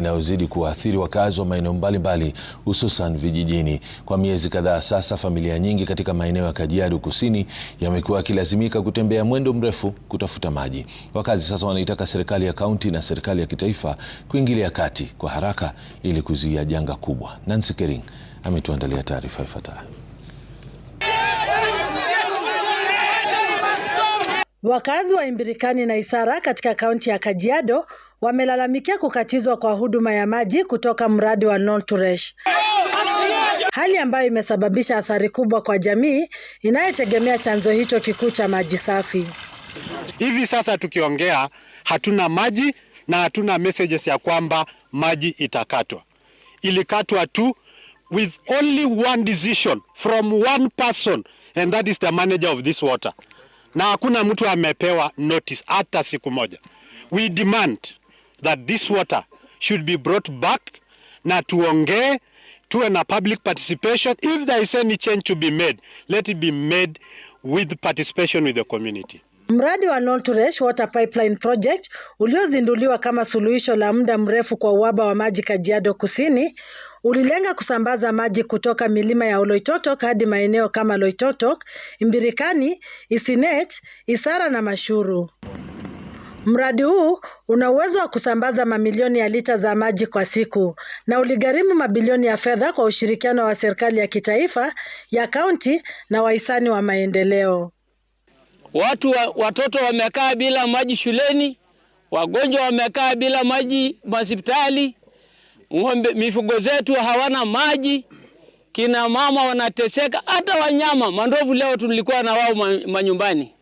inayozidi kuwaathiri wakazi wa maeneo mbalimbali hususan vijijini. Kwa miezi kadhaa sasa, familia nyingi katika maeneo ya Kajiado Kusini yamekuwa yakilazimika kutembea mwendo mrefu kutafuta maji. Wakazi sasa wanaitaka serikali ya kaunti na serikali ya kitaifa kuingilia kati kwa haraka ili kuzuia janga kubwa. Nancy Kering ametuandalia taarifa ifuatayo. Wakazi wa Imbirikani na Isara katika kaunti ya Kajiado wamelalamikia kukatizwa kwa huduma ya maji kutoka mradi wa Northresh, hali ambayo imesababisha athari kubwa kwa jamii inayotegemea chanzo hicho kikuu cha maji safi. Hivi sasa tukiongea, hatuna maji na hatuna messages ya kwamba maji itakatwa. Ilikatwa tu with only one decision from one person and that is the manager of this water, na hakuna mtu amepewa notice hata siku moja. We demand that this water should be brought back na tuongee, tuwe na public participation. If there is any change to be made, let it be made with participation with the community. Mradi wa Nolturesh Water Pipeline Project uliozinduliwa kama suluhisho la muda mrefu kwa uhaba wa maji Kajiado Kusini ulilenga kusambaza maji kutoka milima ya Oloitotok hadi maeneo kama Loitotok, Imbirikani, Isinet, Isara na Mashuru. Mradi huu una uwezo wa kusambaza mamilioni ya lita za maji kwa siku na uligharimu mabilioni ya fedha kwa ushirikiano wa serikali ya kitaifa, ya kaunti na wahisani wa maendeleo. Watu wa, watoto wamekaa bila maji shuleni, wagonjwa wamekaa bila maji hospitali, ng'ombe, mifugo zetu hawana maji, kina mama wanateseka, hata wanyama mandovu leo tulikuwa na wao manyumbani.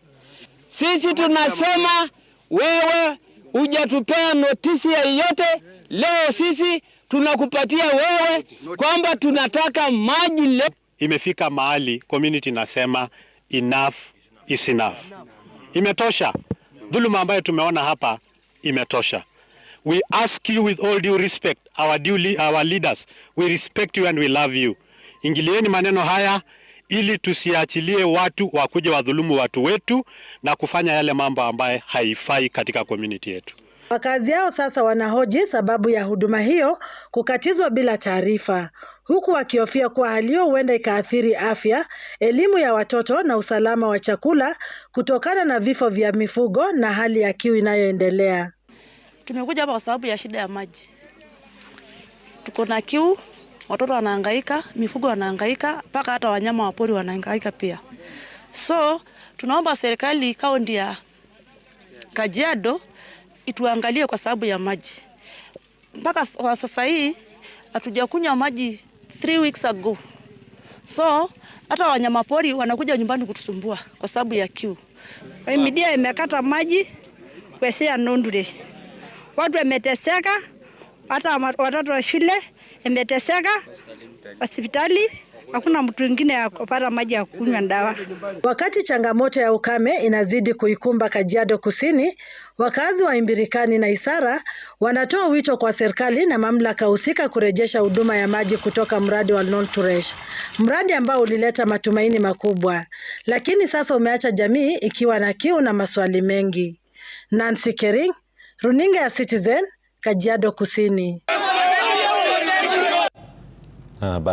Sisi tunasema wewe hujatupea notisi yoyote. Leo sisi tunakupatia wewe kwamba tunataka maji leo. Imefika mahali community nasema enough is enough, imetosha. Dhuluma ambayo tumeona hapa imetosha. We ask you with all due respect, our, due, our leaders, we respect you and we love you. Ingilieni maneno haya ili tusiachilie watu wakuja wadhulumu watu wetu na kufanya yale mambo ambaye haifai katika community yetu. Wakazi hao sasa wanahoji sababu ya huduma hiyo kukatizwa bila taarifa, huku wakihofia kuwa hali hiyo huenda ikaathiri afya, elimu ya watoto na usalama wa chakula kutokana na vifo vya mifugo na hali ya kiu inayoendelea. Tumekuja hapa kwa sababu ya shida ya maji, tuko na kiu watoto wanahangaika, mifugo wanahangaika, mpaka hata wanyama wa pori wanahangaika pia. So tunaomba serikali kaunti ya Kajiado ituangalie kwa sababu ya maji. Mpaka kwa sasa hii hatujakunywa maji three weeks ago, so hata wanyama pori wanakuja nyumbani kutusumbua kwa sababu ya kiu. Midia imekata maji Kwesi ya watu wameteseka, hata watoto wa shule imeteseka hospitali hakuna mtu mwingine akopata maji ya kunywa dawa. Wakati changamoto ya ukame inazidi kuikumba Kajiado Kusini, wakazi wa Imbirikani na Isara wanatoa wito kwa serikali na mamlaka husika kurejesha huduma ya maji kutoka mradi wa Nolturesh, mradi ambao ulileta matumaini makubwa, lakini sasa umeacha jamii ikiwa na kiu na maswali mengi. Nancy Kering, runinga ya Citizen, Kajiado Kusini. Uh, but